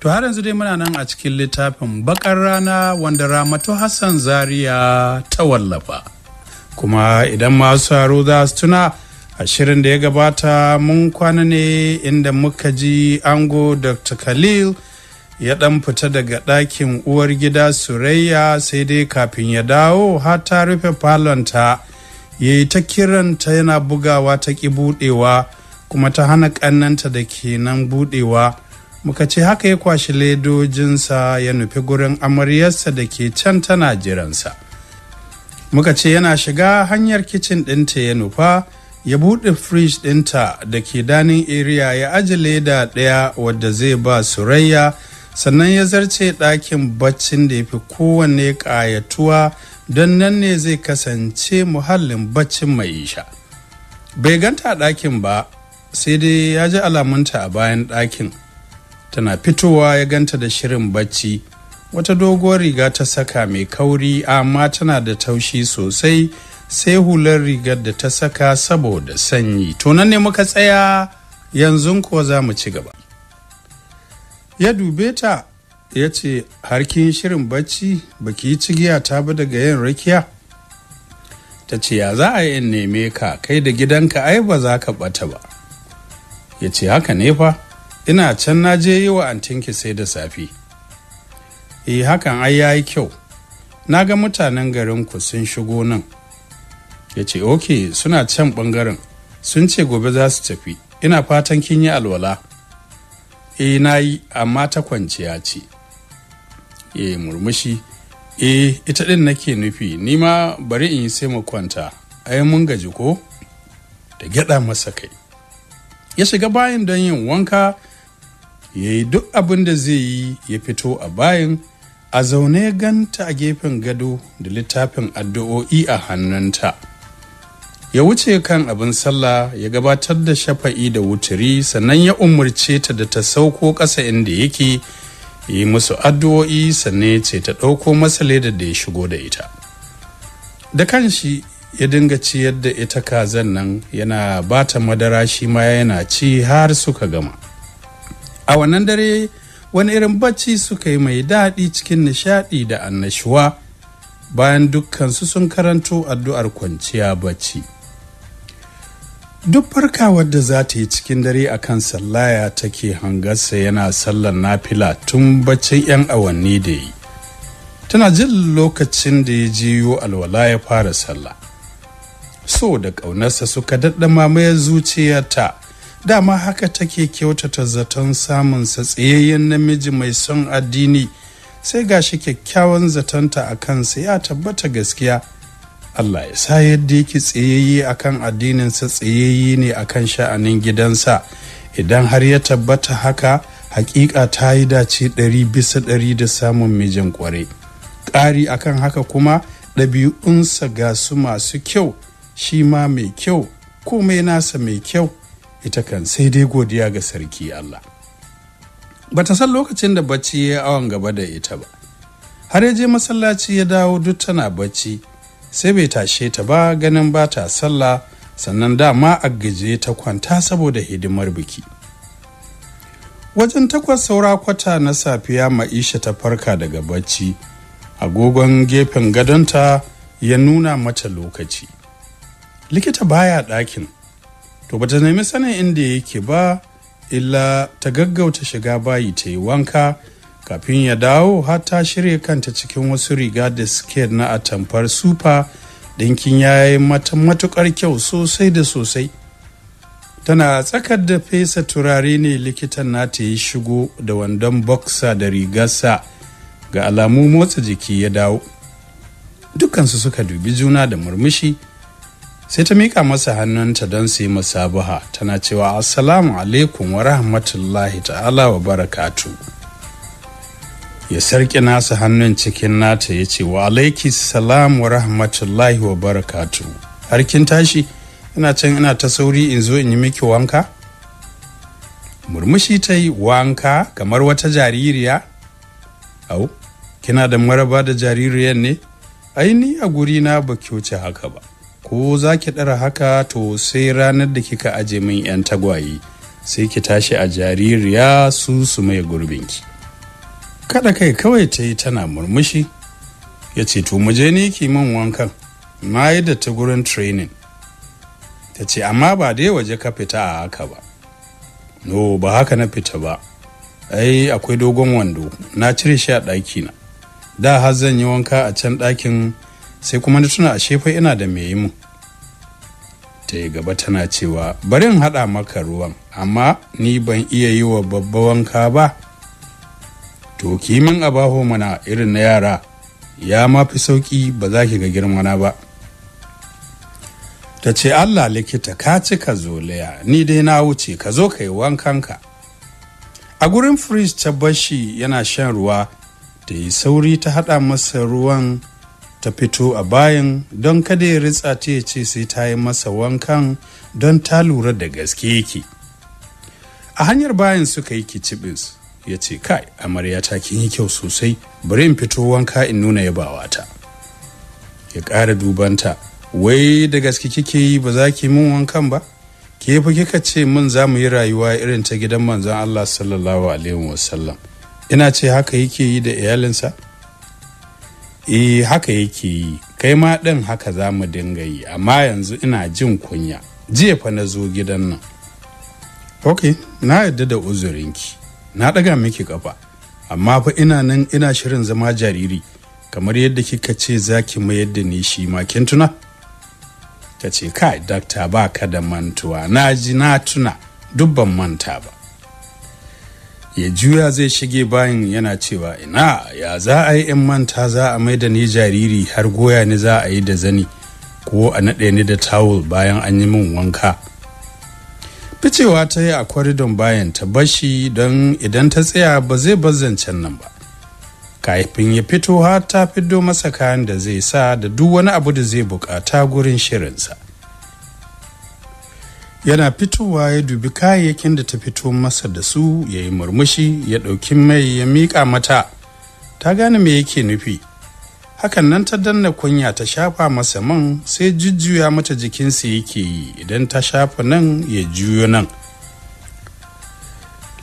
To har yanzu dai muna nan a cikin littafin bakar rana wanda Ramatu Hassan Zaria ta wallafa. Kuma idan masu haro za su tuna a shirin da ya gabata mun kwana ne inda muka ji ango Dr. Khalil ya ɗan fita daga ɗakin uwar gida Surayya sai dai kafin ya dawo har ta rufe falonta ya yi ta kiranta yana bugawa ta ƙi buɗewa kuma ta hana ƙannanta da kenan nan buɗewa. muka ce haka ya kwashi ledojinsa ya nufi gurin amaryarsa da ke can tana jiransa muka ce yana shiga hanyar kicin ɗinta ya nufa ya buɗe fridge ɗinta da ke danin area ya aji leda ɗaya wadda zai ba surayya sannan ya zarce ɗakin baccin da ya fi kowanne ƙayatuwa don nan ne zai kasance muhallin baccin mai isha bai ganta ɗakin ba sai dai ya ji alamunta a bayan ɗakin tana fitowa ya ganta da shirin bacci wata doguwar riga ta saka mai kauri amma tana da taushi sosai sai hular rigar da ta saka saboda sanyi to nan ne muka tsaya yanzu ko za mu ci gaba ya dube ta ya ce harkin shirin bacci baki yi cigiya ta ba daga yin rakiya ta ce ya za a yi neme ka kai da gidanka ai ba za ka bata ba ya ce haka ne fa ina can na je yi wa antinki sai da safi eh hakan ai ya yi kyau na ga mutanen garinku sun shigo nan ya ce ok suna can bangaren sun ce gobe za su tafi ina fatan kin yi alwala e na yi amma ta ya ce e murmushi e ita ɗin nake nufi ni ma bari in yi sai mu kwanta ai mun gaji ko da gyada masa kai ya shiga bayan don yin wanka ya yi duk abin da zai yi ya fito a bayan a zaune ganta a gefen gado da littafin addu'o'i a hannunta ya wuce kan abin sallah ya gabatar da shafa'i da wuturi sannan ya umarce ta da ta sauko ƙasa inda yake yi musu addu'o'i sannan ya ce ta ɗauko masa da ya shigo da ita da shi ya dinga ciyar da ita kazan nan yana ba ta madara shi ma yana ci har suka gama a wannan dare wani irin bacci suka yi mai daɗi cikin nishaɗi da annashuwa bayan dukkansu sun karanto addu'ar kwanciya bacci duk farkawar da za ta yi cikin dare a kan sallaya take hangarsa yana sallar nafila tun baccin 'yan awanni da yi tana jin lokacin da ya jiyo alwala ya fara sallah so da ƙaunarsa suka daɗa mamayar zuciyarta dama haka take kyautata zaton samunsa tsayayyen namiji mai son addini sai gashi kyakkyawan zatonta a kansa ya tabbata gaskiya allah ya sa yadda yake tsayayye a kan addininsa tsayayye ne a kan sha'anin gidansa idan har ya tabbata haka hakika ta yi dace ɗari bisa ɗari da samun mijin kware ƙari a kan haka kuma ɗabi'unsa ga su masu kyau shi ma mai kyau komai nasa mai kyau ita kan sai dai godiya ga sarki Allah bata san lokacin da bacci ya awon gaba da ita ba har ya je masallaci ya dawo duk tana bacci sai bai tashe ta ba ganin ba ta sallah sannan dama a gaje ta kwanta saboda hidimar biki wajen takwas saura kwata na safiya ma'isha ta farka daga bacci agogon gefen gadonta ya nuna mata lokaci likita baya ɗakin to bata nemi sanin inda yake ba illa ta gaggauta shiga bayi ta yi wanka kafin ya dawo har ta shirya kanta cikin wasu riga da siket na atamfar sufa ɗinkin ya yi mata matuƙar kyau sosai da sosai tana tsakar da fesa turare ne likitan nata yi shigo da wandon boksa da rigarsa ga alamu motsa jiki ya dawo dukansu suka dubi juna da murmushi sai ta mika masa hannunta don su yi musabaha tana cewa assalamu alaikum wa rahmatullahi ta'ala wa barakatu ya sarki nasa hannun cikin nata ya ce wa alaiki salam wa rahmatullahi wa barakatu har kin tashi ina can ina ta sauri in zo in yi miki wanka murmushi ta yi wanka kamar wata jaririya au kina da maraba da jaririyar ne ai ni a guri na ba wuce haka ba ko za ki ɗara haka to sai ranar da kika aje min 'yan tagwaye sai ki tashi a jaririya su su mai gurbinki kada kai kawai ta yi tana murmushi ya ce to muje je ni ki min wankan na yi da ta gurin training ta ce amma ba dai waje ka fita a haka ba no ba haka na fita ba ai akwai dogon wando na cire shi a ɗakina da har zan yi wanka a can ɗakin sai kuma na tuna a shefa ina da me yi mun ta yi gaba tana cewa bari in haɗa maka ruwan amma ni ban iya yi wa babba wanka ba to kimin abaho mana irin na yara ya ma fi sauƙi ba za ki ga girmana ba ta ce allah likita ka ci zo zolaya ni dai na wuce ka zo ka yi wankanka a gurin fridge ta bashi yana shan ruwa ta yi sauri ta haɗa masa ruwan ta fito a bayan don kada ya ritsa ta ya ce sai ta yi masa wankan don ta lura da gaske yake a hanyar bayan suka yi kicibins ya ce kai amarya ta kin yi kyau sosai bari in fito wanka in nuna yabawa ta ya ƙara dubanta wai da gaske kike yi ba za ki min wankan ba ke fi kika ce min za mu yi rayuwa irin ta gidan manzon Allah sallallahu alaihi wasallam ina ce haka yake yi da iyalinsa eh haka yake yi kai ma ɗin haka za mu dinga yi amma yanzu ina jin kunya jiya fa na zo gidan nan ok na yadda da uzurinki na ɗaga miki ƙafa, amma fa ina nan ina shirin zama jariri kamar yadda kika ce za ki mayar da ni shi ma kin tuna ta ce kai dakta ba ka da mantuwa na ji na tuna dubban manta ba ya juya zai shige bayan yana cewa ina ya za a yi in manta za a maida da ni jariri har goya ni za a yi da zani ko a naɗe ni da tawul bayan an yi min wanka ficewa ta yi a kwaridon bayan ta bashi don idan ta tsaya ba zai bar zancen nan ba kafin ya fito har ta fido masa kayan da zai sa da duk wani abu da zai bukata gurin shirinsa yana fitowa ya dubi kayayyakin da ta fito masa da su ya yi murmushi ya ɗauki mai ya miƙa mata ta gane me yake nufi hakan nan ta danna kunya ta shafa masa man sai jujjuya mata jikinsa yake yi idan ta shafa nan ya juyo nan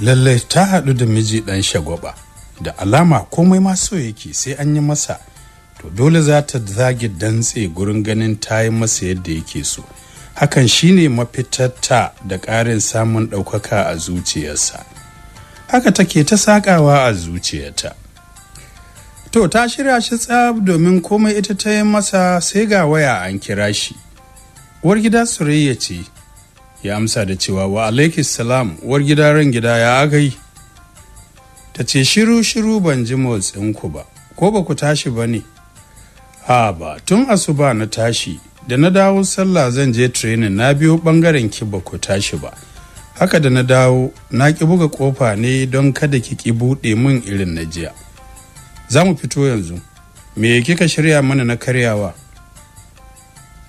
lallai ta haɗu da miji ɗan shagwaba da alama komai ma so yake sai an yi masa to dole za ta zage dantse gurin ganin ta yi masa yadda yake so hakan shine mafitatta da ƙarin samun ɗaukaka a zuciyarsa haka take ta sakawa a zuciyarta to ta shirya shi tsab domin komai ita ta yi masa sai ga waya an kira shi war gida surayya ce ya amsa da cewa wa alaikis salam war gida ran gida ya agai ta ce shiru shiru ban ji motsinku ba ko ba ku tashi ba ne ha ba tun asuba na tashi da na dawo sallah zan je training na biyo bangaren ki ba ku tashi ba haka da na dawo na ki buga kofa ne don kada ki ki buɗe min irin na jiya za mu fito yanzu me kika shirya mana na karyawa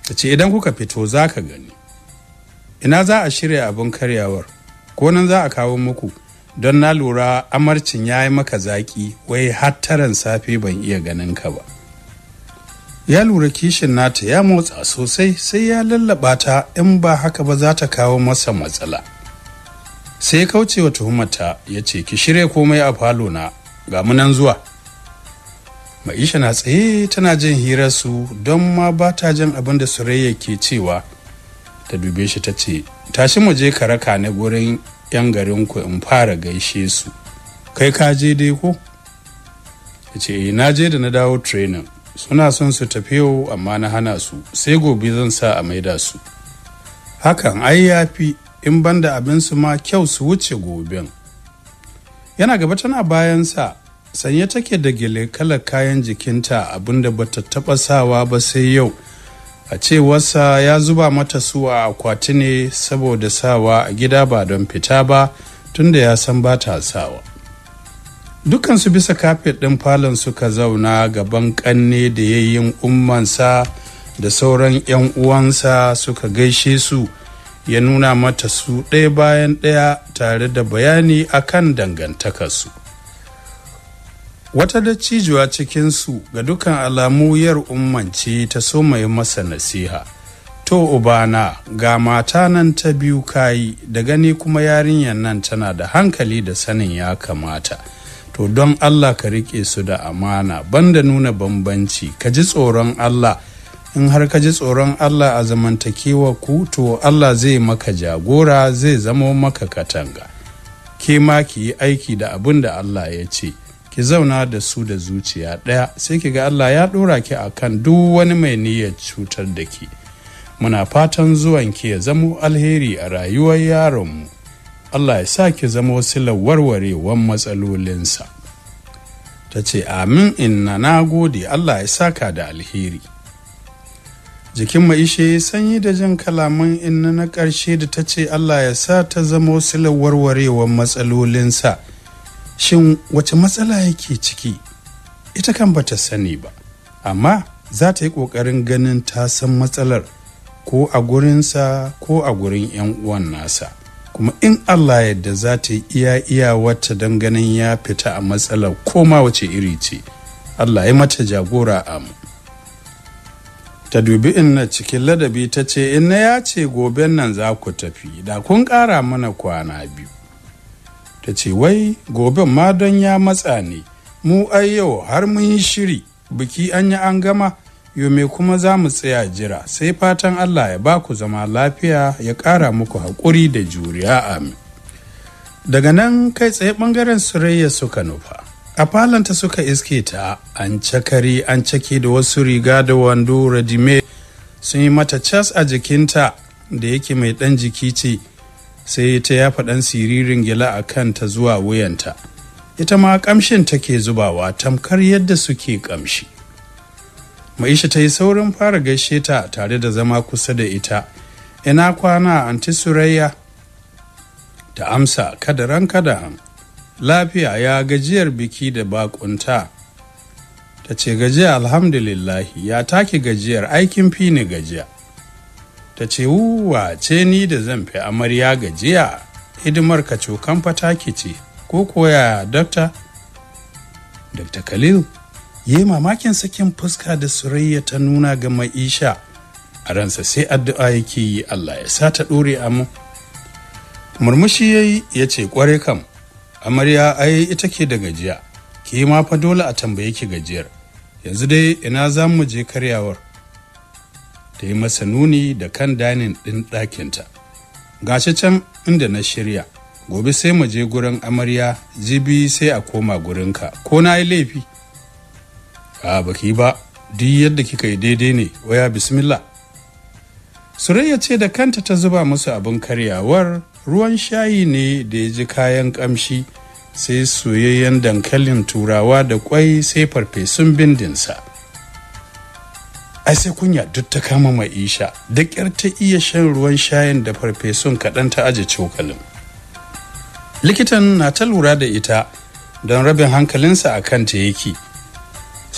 ta ce idan kuka fito za ka gani ina za a shirya abin karyawar ko nan za a kawo muku don na lura amarcin ya yi maka zaƙi wai hattaran safe ban iya ganin ka ba ya lura kishin nata ya motsa sosai sai ya lallaba ta in ba haka ba za ta kawo masa matsala sai ya kauce wa tuhumarta ya ce ki shirya komai a falo na ga munan zuwa maisha na tsaye tana jin hirarsu don ma ba ta jin abin da surayya ke cewa ta dube shi ta ce tashi mu je raka na gurin yan garin ku in fara gaishe su kai ka je dai ko ya ce eh, na je da na dawo training suna son su tafi yau amma na hana su sai gobe zan sa a maida su hakan ai ya fi in banda abin su ma kyau su wuce goben yana gaba tana bayan sa, sanye take da gele kalar kayan jikinta abinda bata taba sawa ba sai yau a cewarsa ya zuba mata su a akwati ne saboda sawa a gida ba don fita ba tunda ya san ba ta sawa dukansu bisa kafet ɗin falon suka zauna gaban ƙanne da yayin ummansa da sauran 'yan uwansa suka gaishe su ya nuna mata su ɗaya bayan ɗaya tare da bayani akan dangantakarsu wata dattijuwa cikinsu ga dukan alamu yar ummanci ta so mai masa nasiha to ubana ga mata nan ta biyu kayi da gani kuma yarinyar nan tana da hankali da sanin ya kamata to don allah ka rike su da amana banda nuna bambanci ka ji tsoron allah in har ka ji tsoron allah a zamantakewa ku to allah zai maka jagora zai zamo maka katanga ke ma ki yi aiki da abin da allah ya ce ki zauna da su da zuciya ɗaya sai ki ga allah ya ɗora ki a kan duk wani mai niyyar cutar da ki muna fatan zuwan ki ya zamo alheri a rayuwar yaronmu Allah ya sake zama wasilar warwarewan matsalolinsa ta ce amin inna na gode Allah ya saka da alheri jikin maishe ya sanyi da jin kalaman inna na ƙarshe da ta ce Allah ya sa ta zama wasilar warwarewan matsalolinsa shin wace matsala yake ciki ita kan ta sani ba amma za ta yi ƙoƙarin ganin ta san matsalar ko a gurinsa ko a gurin 'yan uwan nasa. kuma in allah yadda za ta yi iya iya wata don ganin ya fita a matsalar koma wace iri ce allah ya mata jagora a mu ta dubi inna cikin ladabi ta ce inna ya ce goben nan za ku tafi da kun ƙara mana kwana biyu ta ce wai goben ma don ya matsa ne mu ai yau har mun yi shiri biki an yi an gama yo me kuma za mu tsaya jira sai fatan allah ya ba ku zama lafiya ya ƙara muku haƙuri da juriya amin daga nan kai tsaye ɓangaren surayya suka nufa a falanta suka iske ta an cakari an cake da wasu riga da wando radime sun yi mata cas a jikinta da yake mai ɗan jiki ce sai ta ya faɗan siririn gila a kanta zuwa wuyanta ita ma ƙamshin take zubawa tamkar yadda suke ƙamshi maisha ta yi saurin fara gaishe ta tare da zama kusa da ita ina kwana anti surayya ta amsa kada kada kadahan lafiya ya gajiyar biki da bakunta ta ce gajiya alhamdulillahi ya take gajiyar aikin fi ne gajiya ta ce wuwa ce ni da zan fi amarya gajiya hidimar ka cokan fataki ce ko koya dokta dokta khalil yi mamakin sakin fuska da surayya ta nuna ga ma'isha a ransa sai addu'a yake yi Allah ya sa ta ɗore a mu murmushi ya yi ya ce kware kam amarya ai ita ke da gajiya ki ma fa dole a tambaye ki gajiyar yanzu dai ina za mu je karyawar ta yi masa nuni da kan danin ɗin ɗakinta gashi can inda na shirya gobe sai mu je gurin amarya jibi sai a koma gurinka ko na yi laifi a baki ba duk yadda kika yi daidai ne waya bismillah surayya ce da kanta ta zuba musu abin karyawar ruwan shayi ne da ya ji kayan kamshi sai soyayyen dankalin turawa da kwai sai farfesun bindinsa ai sai kunya duk ta kama ma'isha da ƙyar ta iya shan ruwan shayin da farfesun kaɗan ta aje cokalin likitan na ta lura da ita don rabin hankalinsa a kanta yake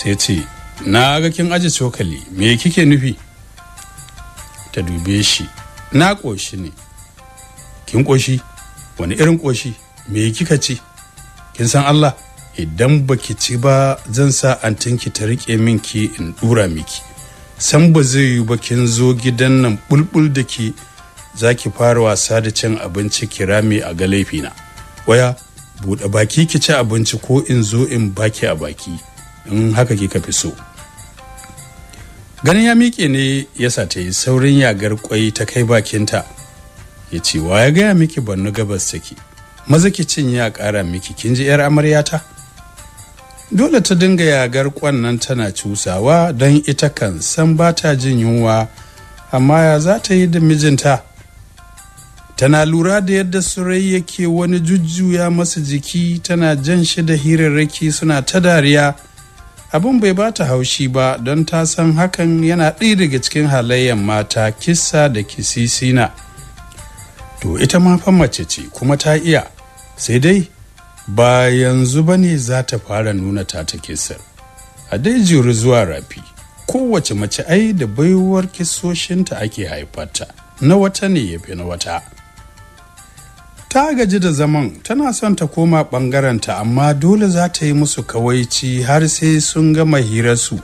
sai ce na ga kin aje cokali me kike nufi ta dube shi na ƙoshi ne kin ƙoshi wani irin ƙoshi me kika ci kin san Allah idan baki ci ba zan sa antinki ta rike minki in dura miki san ba zai yi ba kin zo gidan nan bulbul da ki za ki fara wasa da cin abinci kirami a ga laifina waya buɗe baki ki ci abinci ko in zo in baki a baki in haka ki ka fi so ganin ya miƙe ne ya sa ta yi saurin yagar kwai ta kai bakinta ya ce wa ya gaya miki bannu gabas take maza ki cin ya ƙara miki kin ji 'yar amaryata dole ta dinga yagar ƙwannan tana cusawa don ita kan san ba ta jin yunwa amma ya za ta yi da mijinta tana lura da yadda surai yake wani jujjuya masa jiki tana jan shi da hirarraki suna ta dariya abin bai ba ta haushi ba don ta san hakan yana ɗaya daga cikin halayyar mata kisa da kisisina to ita ma fa mace ce kuma ta iya sai dai ba yanzu ba ne za ta fara nuna ta ta kisar a dai juri zuwa rafi kowace mace ai da baiwar kisoshinta ake haifarta na wata ne ya fi na wata ta gaji da zaman tana son ta koma ɓangarenta amma dole za ta yi musu kawaici har sai sun gama hirarsu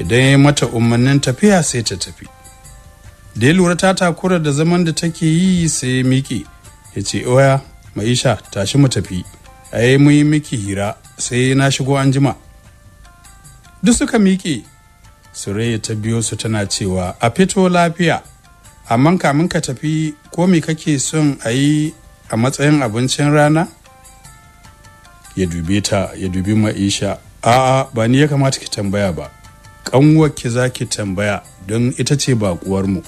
idan ya yi mata umarnin tafiya sai ta tafi da ya lura ta takura da zaman da take yi sai ya miƙe ya ce oya maisha tashi mu tafi yi mu yi miki hira sai na shigo an jima duk suka miƙe suraya ta biyo su tana cewa a fito lafiya amma kamin ka tafi ko me kake son a yi a matsayin abincin rana ya dube ta ya dubi ma'isha a'a ba ni ya kamata ki tambaya ba ƙanwarki za ki tambaya don ita ce baƙuwarmu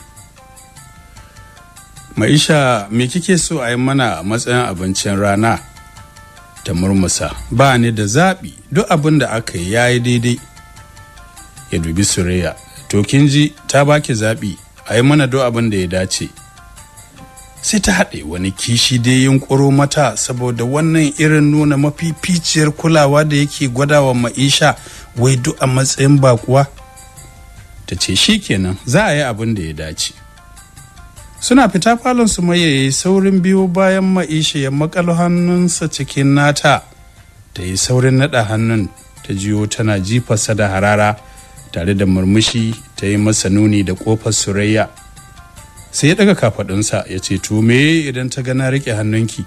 ma'isha me kike so a yi mana a matsayin abincin rana ta murmusa ba ni da zaɓi duk abin da aka yi ya yi daidai ya dubi suraya to kin ji ta baki zaɓi a yi mana duk abin da ya dace sai ta haɗe wani kishi da ya yunkuro mata saboda wannan irin nuna mafificiyar kulawa da yake gwadawa ma'isha wai duk a matsayin bakuwa ta ce shi kenan za a yi abin da ya dace suna fita falon su maye saurin biyo bayan ma'isha ya makalo hannunsa cikin nata ta yi saurin nada hannun ta jiyo tana jifarsa da harara tare da murmushi ta yi masa nuni da kofar surayya sai ya daga kafadunsa ya ce to me idan ta gana rike hannunki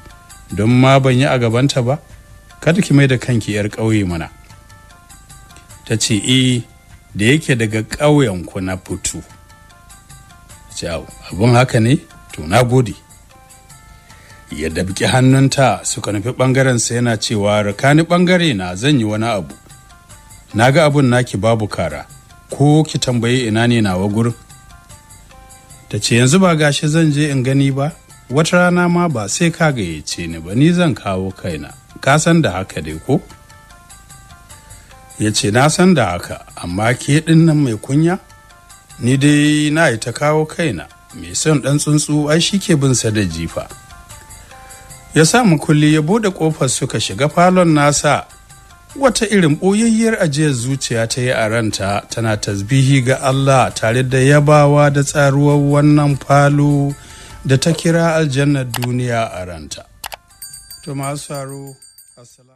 don ma ban yi a gabanta ba kada ki mai da kanki yar ƙauye mana ta ce e da yake daga ƙauyen ku na fitu ciao abin haka ne to na gode ya dabki hannunta suka nufi sa yana cewa rakani ɓangare na zan yi wani abu na ga abun naki babu kara ko ki tambayi ina ne nawa gurin ta ce yanzu ba gashi zan je in gani ba wata rana ma ba sai ka gayyace ni ba ni zan kawo kaina ka san da haka dai ko ya ce na san da haka amma ke ɗin nan mai kunya ni dai na yi ta kawo kaina mai son ɗan tsuntsu ai shi ke bin sa da jifa ya sa mukulli ya bude kofar suka shiga falon nasa wata irin ɓoyayyiyar ajiyar zuciya ta yi a ranta tana tasbihi ga Allah tare da yabawa da tsaruwar wannan falo da ta kira aljannar duniya a ranta. To